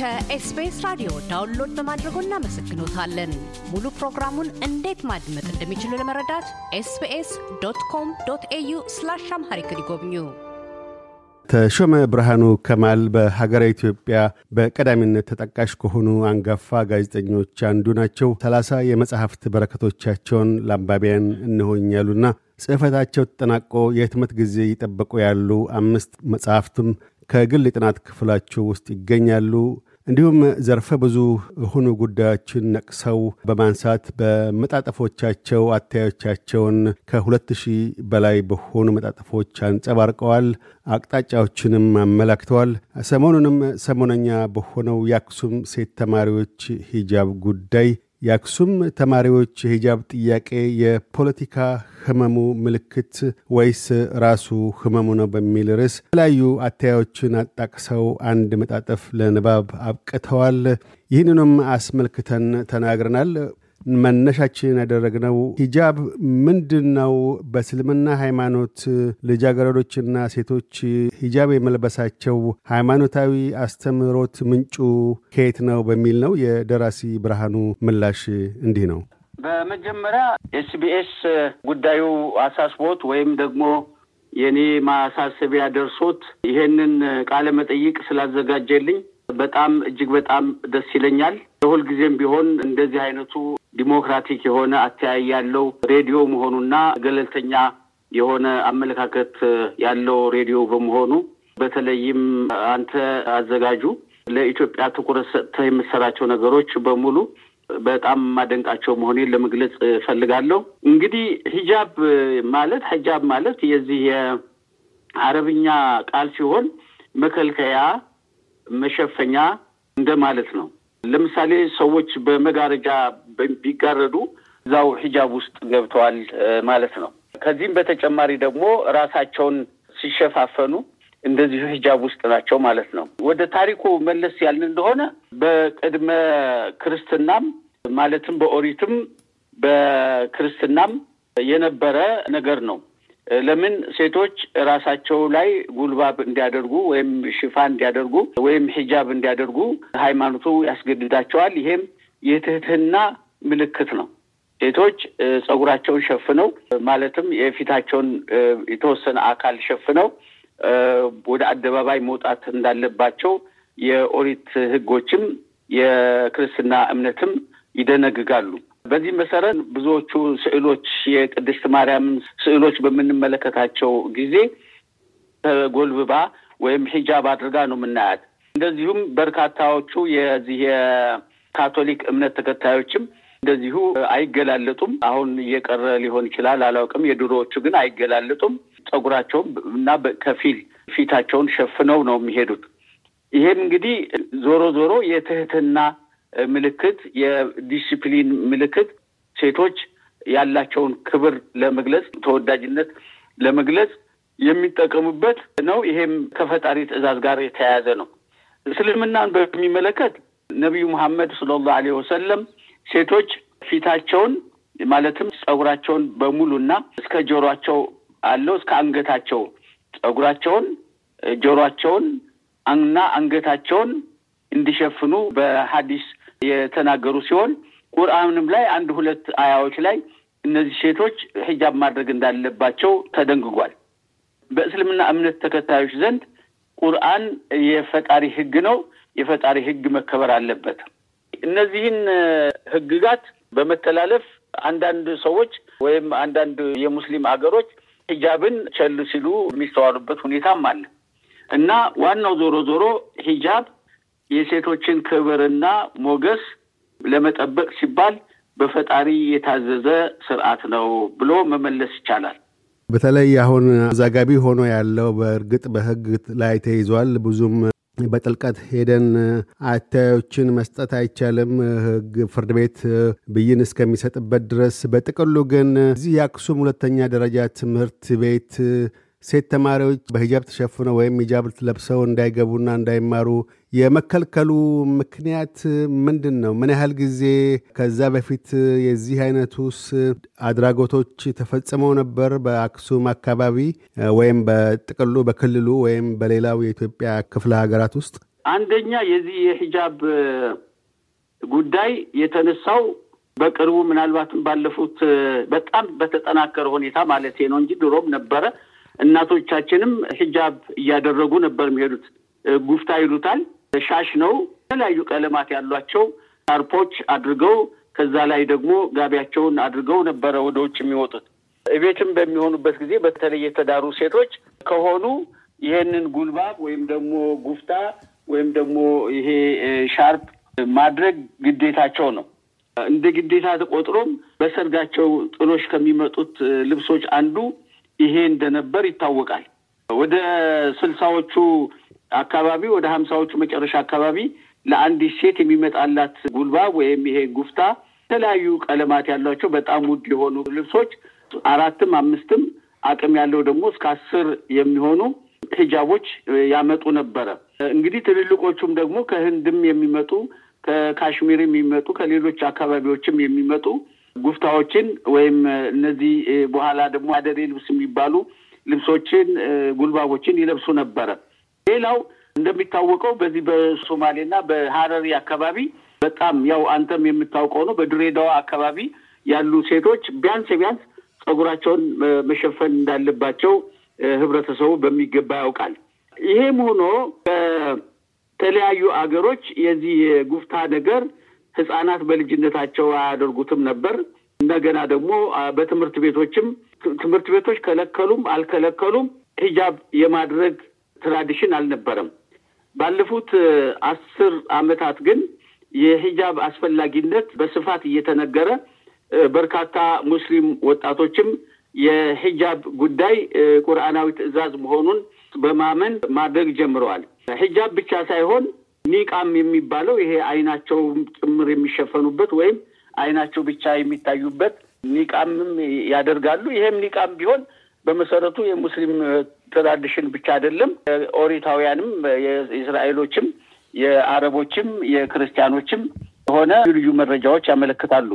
ከኤስቢኤስ ራዲዮ ዳውንሎድ በማድረጎ እናመሰግኖታለን። ሙሉ ፕሮግራሙን እንዴት ማድመጥ እንደሚችሉ ለመረዳት ኤስቢኤስ ዶት ኮም ዶት ኤዩ ስላሽ አምሃሪክ ይጎብኙ። ተሾመ ብርሃኑ ከማል በሀገረ ኢትዮጵያ በቀዳሚነት ተጠቃሽ ከሆኑ አንጋፋ ጋዜጠኞች አንዱ ናቸው። ሰላሳ የመጽሐፍት በረከቶቻቸውን ለአንባቢያን እንሆኛሉና ጽሕፈታቸው ተጠናቆ የህትመት ጊዜ ይጠበቁ ያሉ አምስት መጽሐፍትም ከግል የጥናት ክፍላችሁ ውስጥ ይገኛሉ። እንዲሁም ዘርፈ ብዙ የሆኑ ጉዳዮችን ነቅሰው በማንሳት በመጣጠፎቻቸው አታዮቻቸውን ከሁለት ሺህ በላይ በሆኑ መጣጠፎች አንጸባርቀዋል። አቅጣጫዎችንም አመላክተዋል። ሰሞኑንም ሰሞነኛ በሆነው የአክሱም ሴት ተማሪዎች ሂጃብ ጉዳይ የአክሱም ተማሪዎች የሂጃብ ጥያቄ የፖለቲካ ህመሙ ምልክት ወይስ ራሱ ህመሙ ነው በሚል ርዕስ የተለያዩ አተያዮችን አጣቅሰው አንድ መጣጠፍ ለንባብ አብቅተዋል። ይህንንም አስመልክተን ተናግረናል። መነሻችን ያደረግነው ሂጃብ ምንድን ነው? በእስልምና ሃይማኖት ልጃገረዶችና ሴቶች ሂጃብ የመልበሳቸው ሃይማኖታዊ አስተምህሮት ምንጩ ከየት ነው በሚል ነው። የደራሲ ብርሃኑ ምላሽ እንዲህ ነው። በመጀመሪያ ኤስቢኤስ ጉዳዩ አሳስቦት ወይም ደግሞ የኔ ማሳሰቢያ ደርሶት ይሄንን ቃለ መጠይቅ ስላዘጋጀልኝ በጣም እጅግ በጣም ደስ ይለኛል። ለሁልጊዜም ቢሆን እንደዚህ አይነቱ ዲሞክራቲክ የሆነ አተያይ ያለው ሬዲዮ መሆኑና ገለልተኛ የሆነ አመለካከት ያለው ሬዲዮ በመሆኑ በተለይም አንተ አዘጋጁ ለኢትዮጵያ ትኩረት ሰጥተህ የምትሰራቸው ነገሮች በሙሉ በጣም ማደንቃቸው መሆኔን ለመግለጽ እፈልጋለሁ። እንግዲህ ሂጃብ ማለት ሂጃብ ማለት የዚህ የአረብኛ ቃል ሲሆን መከልከያ፣ መሸፈኛ እንደማለት ነው። ለምሳሌ ሰዎች በመጋረጃ ቢጋረዱ እዛው ሂጃብ ውስጥ ገብተዋል ማለት ነው። ከዚህም በተጨማሪ ደግሞ ራሳቸውን ሲሸፋፈኑ እንደዚሁ ሂጃብ ውስጥ ናቸው ማለት ነው። ወደ ታሪኩ መለስ ያልን እንደሆነ በቅድመ ክርስትናም ማለትም በኦሪትም በክርስትናም የነበረ ነገር ነው። ለምን ሴቶች ራሳቸው ላይ ጉልባብ እንዲያደርጉ ወይም ሽፋ እንዲያደርጉ ወይም ሂጃብ እንዲያደርጉ ሃይማኖቱ ያስገድዳቸዋል። ይሄም የትህትና ምልክት ነው። ሴቶች ጸጉራቸውን ሸፍነው ማለትም የፊታቸውን የተወሰነ አካል ሸፍነው ወደ አደባባይ መውጣት እንዳለባቸው የኦሪት ሕጎችም የክርስትና እምነትም ይደነግጋሉ። በዚህ መሰረት ብዙዎቹ ስዕሎች የቅድስት ማርያምን ስዕሎች በምንመለከታቸው ጊዜ ተጎልብባ ወይም ሂጃብ አድርጋ ነው የምናያት። እንደዚሁም በርካታዎቹ የዚህ የካቶሊክ እምነት ተከታዮችም እንደዚሁ አይገላለጡም። አሁን እየቀረ ሊሆን ይችላል አላውቅም። የድሮዎቹ ግን አይገላለጡም። ጸጉራቸውም እና ከፊል ፊታቸውን ሸፍነው ነው የሚሄዱት። ይሄም እንግዲህ ዞሮ ዞሮ የትህትና ምልክት፣ የዲሲፕሊን ምልክት ሴቶች ያላቸውን ክብር ለመግለጽ ተወዳጅነት ለመግለጽ የሚጠቀሙበት ነው። ይሄም ከፈጣሪ ትዕዛዝ ጋር የተያያዘ ነው። እስልምናን በሚመለከት ነቢዩ መሐመድ ሰለላሁ ዐለይሂ ወሰለም ሴቶች ፊታቸውን ማለትም ጸጉራቸውን በሙሉና እስከ ጆሯቸው አለው እስከ አንገታቸው ጸጉራቸውን፣ ጆሯቸውን እና አንገታቸውን እንዲሸፍኑ በሀዲስ የተናገሩ ሲሆን ቁርአንም ላይ አንድ ሁለት አያዎች ላይ እነዚህ ሴቶች ሂጃብ ማድረግ እንዳለባቸው ተደንግጓል። በእስልምና እምነት ተከታዮች ዘንድ ቁርአን የፈጣሪ ሕግ ነው። የፈጣሪ ሕግ መከበር አለበት። እነዚህን ህግጋት በመተላለፍ አንዳንድ ሰዎች ወይም አንዳንድ የሙስሊም አገሮች ሂጃብን ቸል ሲሉ የሚስተዋሉበት ሁኔታም አለ እና ዋናው ዞሮ ዞሮ ሂጃብ የሴቶችን ክብርና ሞገስ ለመጠበቅ ሲባል በፈጣሪ የታዘዘ ስርዓት ነው ብሎ መመለስ ይቻላል። በተለይ አሁን አዛጋቢ ሆኖ ያለው በእርግጥ በህግ ላይ ተይዟል ብዙም በጥልቀት ሄደን አታዮችን መስጠት አይቻልም። ህግ ፍርድ ቤት ብይን እስከሚሰጥበት ድረስ። በጥቅሉ ግን እዚህ የአክሱም ሁለተኛ ደረጃ ትምህርት ቤት ሴት ተማሪዎች በሂጃብ ተሸፍነው ወይም ሂጃብ ለብሰው እንዳይገቡና እንዳይማሩ የመከልከሉ ምክንያት ምንድን ነው? ምን ያህል ጊዜ ከዛ በፊት የዚህ አይነቱስ አድራጎቶች ተፈጽመው ነበር በአክሱም አካባቢ ወይም በጥቅሉ በክልሉ ወይም በሌላው የኢትዮጵያ ክፍለ ሀገራት ውስጥ? አንደኛ የዚህ የሂጃብ ጉዳይ የተነሳው በቅርቡ ምናልባትም ባለፉት በጣም በተጠናከረ ሁኔታ ማለት ነው እንጂ ድሮም ነበረ። እናቶቻችንም ሂጃብ እያደረጉ ነበር የሚሄዱት። ጉፍታ ይሉታል። ሻሽ ነው። የተለያዩ ቀለማት ያሏቸው ሻርፖች አድርገው ከዛ ላይ ደግሞ ጋቢያቸውን አድርገው ነበረ ወደ ውጭ የሚወጡት። እቤትም በሚሆኑበት ጊዜ በተለይ የተዳሩ ሴቶች ከሆኑ ይህንን ጉልባብ ወይም ደግሞ ጉፍታ ወይም ደግሞ ይሄ ሻርፕ ማድረግ ግዴታቸው ነው። እንደ ግዴታ ተቆጥሮም በሰርጋቸው ጥሎሽ ከሚመጡት ልብሶች አንዱ ይሄ እንደነበር ይታወቃል። ወደ ስልሳዎቹ አካባቢ ወደ ሀምሳዎቹ መጨረሻ አካባቢ ለአንዲት ሴት የሚመጣላት ጉልባ ወይም ይሄ ጉፍታ የተለያዩ ቀለማት ያሏቸው በጣም ውድ የሆኑ ልብሶች አራትም አምስትም አቅም ያለው ደግሞ እስከ አስር የሚሆኑ ሂጃቦች ያመጡ ነበረ። እንግዲህ ትልልቆቹም ደግሞ ከህንድም የሚመጡ ከካሽሚር የሚመጡ ከሌሎች አካባቢዎችም የሚመጡ ጉፍታዎችን ወይም እነዚህ በኋላ ደግሞ አደሬ ልብስ የሚባሉ ልብሶችን ጉልባቦችን ይለብሱ ነበረ። ሌላው እንደሚታወቀው በዚህ በሶማሌና በሀረሪ አካባቢ በጣም ያው አንተም የምታውቀው ነው። በድሬዳዋ አካባቢ ያሉ ሴቶች ቢያንስ ቢያንስ ጸጉራቸውን መሸፈን እንዳለባቸው ህብረተሰቡ በሚገባ ያውቃል። ይሄም ሆኖ በተለያዩ አገሮች የዚህ የጉፍታ ነገር ህጻናት በልጅነታቸው አያደርጉትም ነበር። እንደገና ደግሞ በትምህርት ቤቶችም ትምህርት ቤቶች ከለከሉም አልከለከሉም ሂጃብ የማድረግ ትራዲሽን አልነበረም። ባለፉት አስር ዓመታት ግን የሂጃብ አስፈላጊነት በስፋት እየተነገረ በርካታ ሙስሊም ወጣቶችም የሂጃብ ጉዳይ ቁርአናዊ ትዕዛዝ መሆኑን በማመን ማድረግ ጀምረዋል። ሂጃብ ብቻ ሳይሆን ኒቃም የሚባለው ይሄ አይናቸው ጭምር የሚሸፈኑበት ወይም አይናቸው ብቻ የሚታዩበት ኒቃምም ያደርጋሉ። ይሄም ኒቃም ቢሆን በመሰረቱ የሙስሊም ትራዲሽን ብቻ አይደለም። ኦሪታውያንም፣ የእስራኤሎችም፣ የአረቦችም፣ የክርስቲያኖችም የሆነ ልዩ መረጃዎች ያመለክታሉ።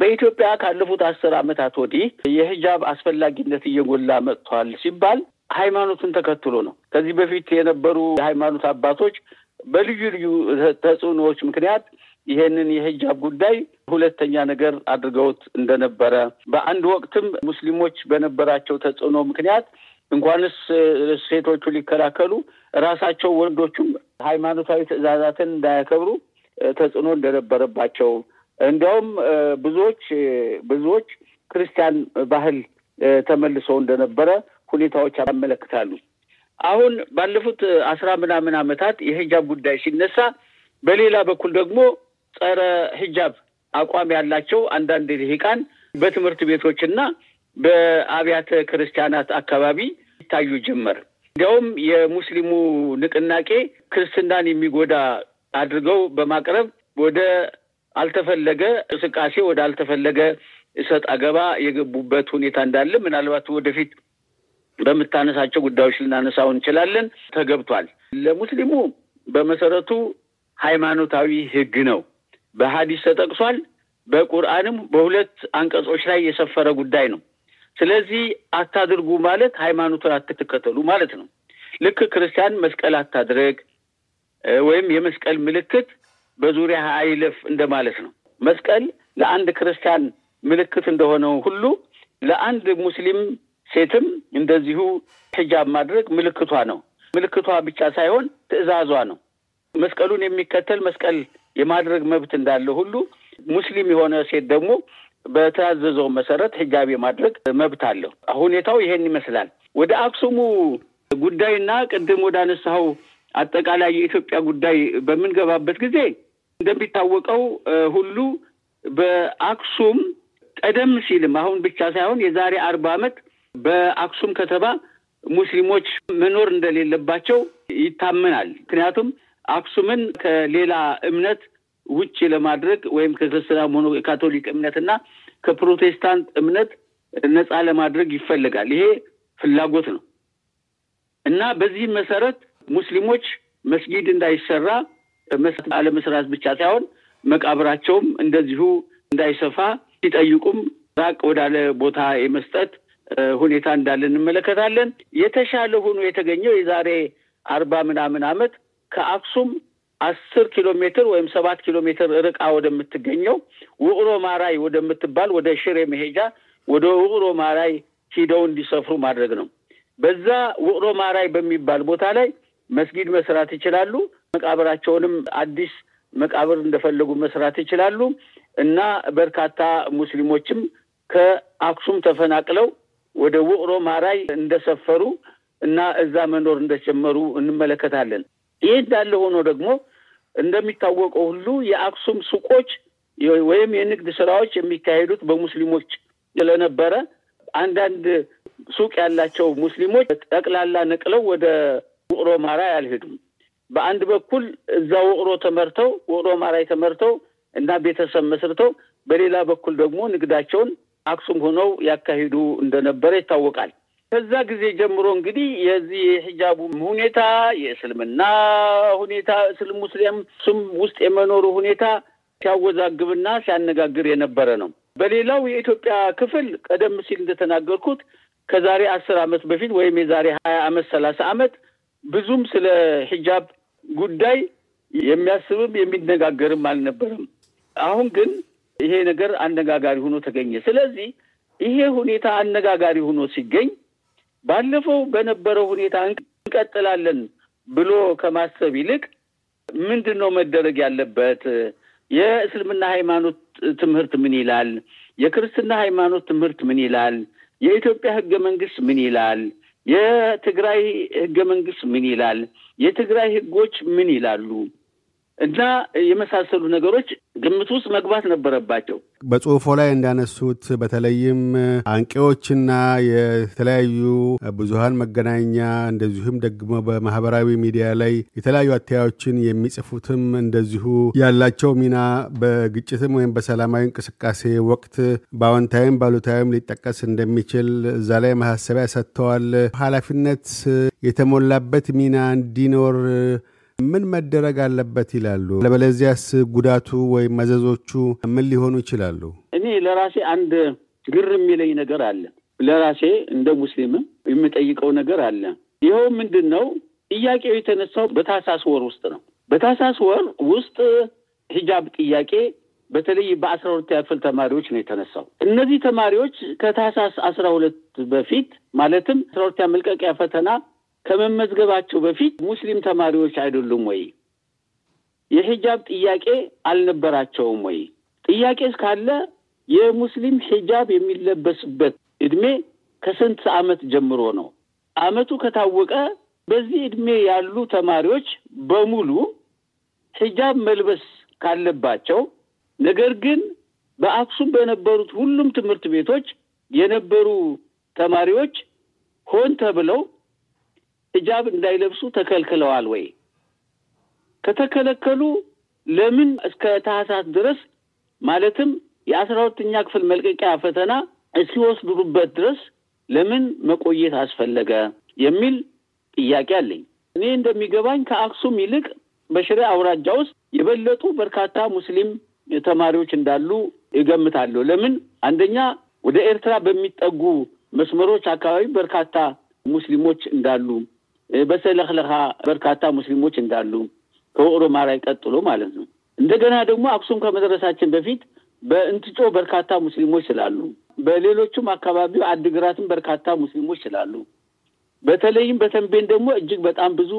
በኢትዮጵያ ካለፉት አስር ዓመታት ወዲህ የሂጃብ አስፈላጊነት እየጎላ መጥቷል ሲባል ሃይማኖቱን ተከትሎ ነው። ከዚህ በፊት የነበሩ የሃይማኖት አባቶች በልዩ ልዩ ተጽዕኖዎች ምክንያት ይሄንን የሂጃብ ጉዳይ ሁለተኛ ነገር አድርገውት እንደነበረ በአንድ ወቅትም ሙስሊሞች በነበራቸው ተጽዕኖ ምክንያት እንኳንስ ሴቶቹ ሊከላከሉ ራሳቸው ወንዶቹም ሃይማኖታዊ ትዕዛዛትን እንዳያከብሩ ተጽዕኖ እንደነበረባቸው እንዲያውም ብዙዎች ብዙዎች ክርስቲያን ባህል ተመልሶ እንደነበረ ሁኔታዎች ያመለክታሉ። አሁን ባለፉት አስራ ምናምን ዓመታት የሂጃብ ጉዳይ ሲነሳ በሌላ በኩል ደግሞ ጸረ ሂጃብ አቋም ያላቸው አንዳንድ ልሂቃን በትምህርት ቤቶችና በአብያተ ክርስቲያናት አካባቢ ይታዩ ጀመር። እንዲያውም የሙስሊሙ ንቅናቄ ክርስትናን የሚጎዳ አድርገው በማቅረብ ወደ አልተፈለገ እንቅስቃሴ ወደ አልተፈለገ እሰጥ አገባ የገቡበት ሁኔታ እንዳለ ምናልባት ወደፊት በምታነሳቸው ጉዳዮች ልናነሳው እንችላለን። ተገብቷል። ለሙስሊሙ በመሰረቱ ሃይማኖታዊ ሕግ ነው። በሀዲስ ተጠቅሷል። በቁርአንም በሁለት አንቀጾች ላይ የሰፈረ ጉዳይ ነው። ስለዚህ አታድርጉ ማለት ሃይማኖቱን አትከተሉ ማለት ነው። ልክ ክርስቲያን መስቀል አታድረግ ወይም የመስቀል ምልክት በዙሪያ አይለፍ እንደማለት ነው። መስቀል ለአንድ ክርስቲያን ምልክት እንደሆነው ሁሉ ለአንድ ሙስሊም ሴትም እንደዚሁ ሂጃብ ማድረግ ምልክቷ ነው። ምልክቷ ብቻ ሳይሆን ትዕዛዟ ነው። መስቀሉን የሚከተል መስቀል የማድረግ መብት እንዳለ ሁሉ ሙስሊም የሆነ ሴት ደግሞ በተያዘዘው መሰረት ሂጃብ የማድረግ መብት አለው። ሁኔታው ይሄን ይመስላል። ወደ አክሱሙ ጉዳይና ቅድም ወደ አነሳው አጠቃላይ የኢትዮጵያ ጉዳይ በምንገባበት ጊዜ እንደሚታወቀው ሁሉ በአክሱም ቀደም ሲልም አሁን ብቻ ሳይሆን የዛሬ አርባ ዓመት በአክሱም ከተማ ሙስሊሞች መኖር እንደሌለባቸው ይታመናል። ምክንያቱም አክሱምን ከሌላ እምነት ውጭ ለማድረግ ወይም ከክርስትና ሆኖ የካቶሊክ እምነትና ከፕሮቴስታንት እምነት ነፃ ለማድረግ ይፈልጋል። ይሄ ፍላጎት ነው እና በዚህ መሰረት ሙስሊሞች መስጊድ እንዳይሰራ አለመስራት ብቻ ሳይሆን መቃብራቸውም እንደዚሁ እንዳይሰፋ ሲጠይቁም ራቅ ወዳለ ቦታ የመስጠት ሁኔታ እንዳለ እንመለከታለን። የተሻለ ሆኖ የተገኘው የዛሬ አርባ ምናምን ዓመት ከአክሱም አስር ኪሎ ሜትር ወይም ሰባት ኪሎ ሜትር ርቃ ወደምትገኘው ውቅሮ ማራይ ወደምትባል ወደ ሽሬ መሄጃ ወደ ውቅሮ ማራይ ሂደው እንዲሰፍሩ ማድረግ ነው። በዛ ውቅሮ ማራይ በሚባል ቦታ ላይ መስጊድ መስራት ይችላሉ። መቃብራቸውንም አዲስ መቃብር እንደፈለጉ መስራት ይችላሉ እና በርካታ ሙስሊሞችም ከአክሱም ተፈናቅለው ወደ ውቅሮ ማራይ እንደሰፈሩ እና እዛ መኖር እንደጀመሩ እንመለከታለን። ይህ እንዳለ ሆኖ ደግሞ እንደሚታወቀው ሁሉ የአክሱም ሱቆች ወይም የንግድ ስራዎች የሚካሄዱት በሙስሊሞች ስለነበረ አንዳንድ ሱቅ ያላቸው ሙስሊሞች ጠቅላላ ነቅለው ወደ ውቅሮ ማራ አልሄዱም። በአንድ በኩል እዛ ውቅሮ ተመርተው ውቅሮ ማራይ ተመርተው እና ቤተሰብ መስርተው፣ በሌላ በኩል ደግሞ ንግዳቸውን አክሱም ሆነው ያካሂዱ እንደነበረ ይታወቃል። ከዛ ጊዜ ጀምሮ እንግዲህ የዚህ የሂጃቡ ሁኔታ የእስልምና ሁኔታ እስልም ሙስሊም ስም ውስጥ የመኖሩ ሁኔታ ሲያወዛግብና ሲያነጋግር የነበረ ነው። በሌላው የኢትዮጵያ ክፍል ቀደም ሲል እንደተናገርኩት ከዛሬ አስር ዓመት በፊት ወይም የዛሬ ሀያ ዓመት ሰላሳ ዓመት ብዙም ስለ ሂጃብ ጉዳይ የሚያስብም የሚነጋገርም አልነበረም። አሁን ግን ይሄ ነገር አነጋጋሪ ሆኖ ተገኘ። ስለዚህ ይሄ ሁኔታ አነጋጋሪ ሆኖ ሲገኝ ባለፈው በነበረው ሁኔታ እንቀጥላለን ብሎ ከማሰብ ይልቅ ምንድን ነው መደረግ ያለበት? የእስልምና ሃይማኖት ትምህርት ምን ይላል? የክርስትና ሃይማኖት ትምህርት ምን ይላል? የኢትዮጵያ ህገ መንግስት ምን ይላል? የትግራይ ህገ መንግስት ምን ይላል? የትግራይ ህጎች ምን ይላሉ? እና የመሳሰሉ ነገሮች ግምት ውስጥ መግባት ነበረባቸው። በጽሁፎ ላይ እንዳነሱት በተለይም አንቂዎችና የተለያዩ ብዙሀን መገናኛ እንደዚሁም ደግሞ በማህበራዊ ሚዲያ ላይ የተለያዩ አተያዮችን የሚጽፉትም እንደዚሁ ያላቸው ሚና በግጭትም ወይም በሰላማዊ እንቅስቃሴ ወቅት በአዎንታዊም ባሉታዊም ሊጠቀስ እንደሚችል እዛ ላይ ማሳሰቢያ ሰጥተዋል። ኃላፊነት የተሞላበት ሚና እንዲኖር ምን መደረግ አለበት ይላሉ? ለበለዚያስ ጉዳቱ ወይም መዘዞቹ ምን ሊሆኑ ይችላሉ? እኔ ለራሴ አንድ ግር የሚለኝ ነገር አለ። ለራሴ እንደ ሙስሊምም የምጠይቀው ነገር አለ። ይኸው ምንድን ነው ጥያቄው የተነሳው በታህሳስ ወር ውስጥ ነው። በታህሳስ ወር ውስጥ ሂጃብ ጥያቄ በተለይ በአስራ ሁለት ያክፍል ተማሪዎች ነው የተነሳው። እነዚህ ተማሪዎች ከታህሳስ አስራ ሁለት በፊት ማለትም አስራ ሁለት መልቀቂያ ፈተና ከመመዝገባቸው በፊት ሙስሊም ተማሪዎች አይደሉም ወይ? የሂጃብ ጥያቄ አልነበራቸውም ወይ? ጥያቄስ ካለ የሙስሊም ሂጃብ የሚለበስበት እድሜ ከስንት ዓመት ጀምሮ ነው? ዓመቱ ከታወቀ በዚህ እድሜ ያሉ ተማሪዎች በሙሉ ሂጃብ መልበስ ካለባቸው፣ ነገር ግን በአክሱም በነበሩት ሁሉም ትምህርት ቤቶች የነበሩ ተማሪዎች ሆን ተብለው ሂጃብ እንዳይለብሱ ተከልክለዋል ወይ? ከተከለከሉ ለምን እስከ ታህሳስ ድረስ ማለትም የአስራ ሁለተኛ ክፍል መልቀቂያ ፈተና እስኪወስዱበት ድረስ ለምን መቆየት አስፈለገ የሚል ጥያቄ አለኝ። እኔ እንደሚገባኝ ከአክሱም ይልቅ በሽሬ አውራጃ ውስጥ የበለጡ በርካታ ሙስሊም ተማሪዎች እንዳሉ እገምታለሁ። ለምን አንደኛ ወደ ኤርትራ በሚጠጉ መስመሮች አካባቢ በርካታ ሙስሊሞች እንዳሉ በሰለክለካ በርካታ ሙስሊሞች እንዳሉ ከኦሮማ ላይ ቀጥሎ ማለት ነው። እንደገና ደግሞ አክሱም ከመድረሳችን በፊት በእንትጮ በርካታ ሙስሊሞች ስላሉ፣ በሌሎቹም አካባቢው አድግራትም በርካታ ሙስሊሞች ስላሉ፣ በተለይም በተንቤን ደግሞ እጅግ በጣም ብዙ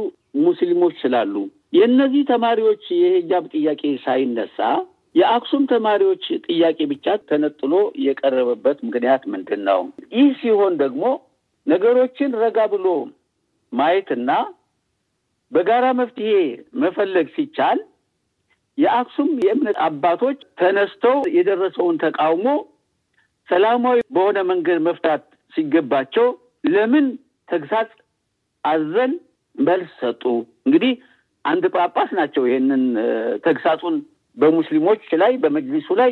ሙስሊሞች ስላሉ የእነዚህ ተማሪዎች የሂጃብ ጥያቄ ሳይነሳ የአክሱም ተማሪዎች ጥያቄ ብቻ ተነጥሎ የቀረበበት ምክንያት ምንድን ነው? ይህ ሲሆን ደግሞ ነገሮችን ረጋ ብሎ ማየትና በጋራ መፍትሄ መፈለግ ሲቻል የአክሱም የእምነት አባቶች ተነስተው የደረሰውን ተቃውሞ ሰላማዊ በሆነ መንገድ መፍታት ሲገባቸው ለምን ተግሳጽ አዘል መልስ ሰጡ? እንግዲህ አንድ ጳጳስ ናቸው ይሄንን ተግሳጹን በሙስሊሞች ላይ በመጅሊሱ ላይ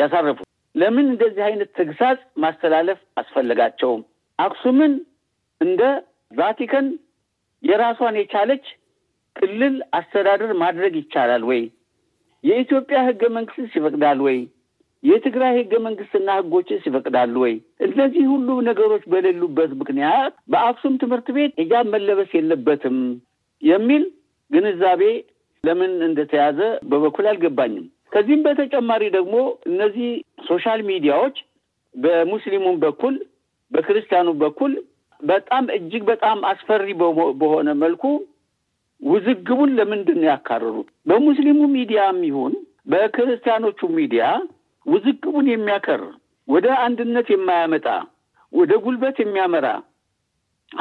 ያሳረፉ። ለምን እንደዚህ አይነት ተግሳጽ ማስተላለፍ አስፈለጋቸውም? አክሱምን እንደ ቫቲካን የራሷን የቻለች ክልል አስተዳደር ማድረግ ይቻላል ወይ? የኢትዮጵያ ህገ መንግስትስ ይፈቅዳል ወይ? የትግራይ ህገ መንግስትና ህጎችስ ይፈቅዳሉ ወይ? እነዚህ ሁሉ ነገሮች በሌሉበት ምክንያት በአክሱም ትምህርት ቤት ሂጃብ መለበስ የለበትም የሚል ግንዛቤ ለምን እንደተያዘ በበኩል አልገባኝም። ከዚህም በተጨማሪ ደግሞ እነዚህ ሶሻል ሚዲያዎች በሙስሊሙም በኩል በክርስቲያኑ በኩል በጣም እጅግ በጣም አስፈሪ በሆነ መልኩ ውዝግቡን ለምንድን ነው ያካረሩት? በሙስሊሙ ሚዲያም ይሁን በክርስቲያኖቹ ሚዲያ ውዝግቡን የሚያከር ወደ አንድነት የማያመጣ ወደ ጉልበት የሚያመራ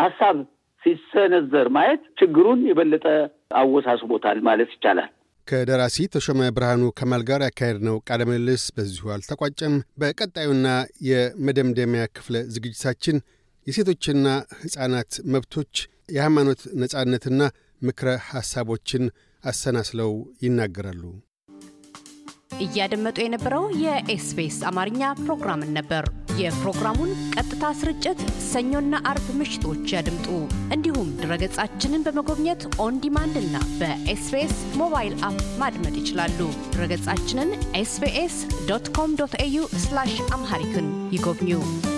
ሀሳብ ሲሰነዘር ማየት ችግሩን የበለጠ አወሳስቦታል ማለት ይቻላል። ከደራሲ ተሾመ ብርሃኑ ከማል ጋር ያካሄድነው ቃለ ምልልስ በዚሁ አልተቋጨም። በቀጣዩና የመደምደሚያ ክፍለ ዝግጅታችን የሴቶችና ሕፃናት መብቶች የሃይማኖት ነጻነትና ምክረ ሐሳቦችን አሰናስለው ይናገራሉ። እያደመጡ የነበረው የኤስቢኤስ አማርኛ ፕሮግራምን ነበር። የፕሮግራሙን ቀጥታ ስርጭት ሰኞና አርብ ምሽቶች ያድምጡ። እንዲሁም ድረገጻችንን በመጎብኘት ኦን ዲማንድ እና በኤስቢኤስ ሞባይል አፕ ማድመጥ ይችላሉ። ድረገጻችንን ኤስቢኤስ ዶት ኮም ዶት ኤዩ አምሃሪክን ይጎብኙ።